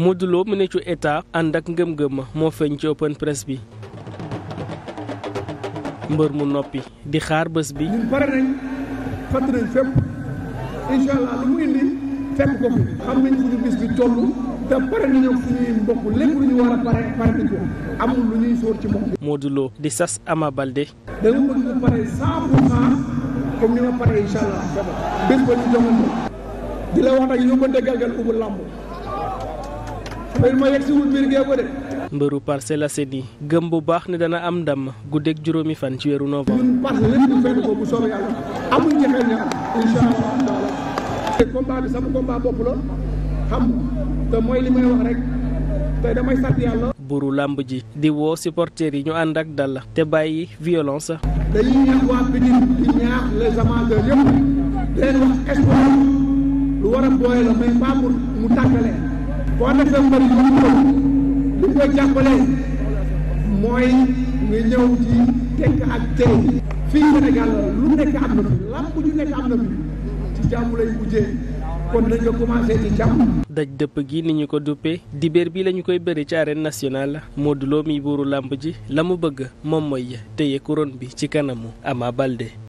moo Lo mu neccu ànd ak ngëm-ngëm moo feeñ ci open press bi mbër mu noppi di xaar bés bi ñun pare nañ fatt nañ fépp incha lu mu indi fekk ko fi xam nañ fu ñu bis bi toll te pare nañoo fu ñuy mbokk lépp lu ñu war a pare pare nañ ko amul lu ñuy sóor ci mbokk Modou Lo di sas Ama Baldé da nga bëgg pare cent pour comme ni ma pare incha allah bés ba ñu jongante di la wax nag yóbbante galgal ubu làmb mbir ma yegg si wut mbir gee ko de. mbëru Parcelles Assainies gëm bu baax ne dana am ndam guddeeg juróomi fan ci weeru novembre. ñun parce que lépp lu fekk ko bu soobee yàlla amul njëkkee sama combat bopp la xam mooy li may wax rek te damay sant yàlla. buru làmb ji di woo supporters yi ñu ànd ak dal te bàyyi violence. dañuy ñaax waa Pikine di ñaax les amateurs yëpp di leen wax espoir lu war booy la mais pas mu tàggalee. boo defee mbër yi ñu li ko jàppale mooy nga ñëw ci tekk ak tey fii Sénégal lu nekk am na ju nekk am na ci jàmm lay mujjee kon nañ ko commencé ci jàmm daj dëpp gi ni ñu ko duppee dibeer bi lañu koy bëri ci arène nationale Modou mi buuru làmb ji la mu bëgg moom mooy téye couronne bi ci kanamu Ama Baldé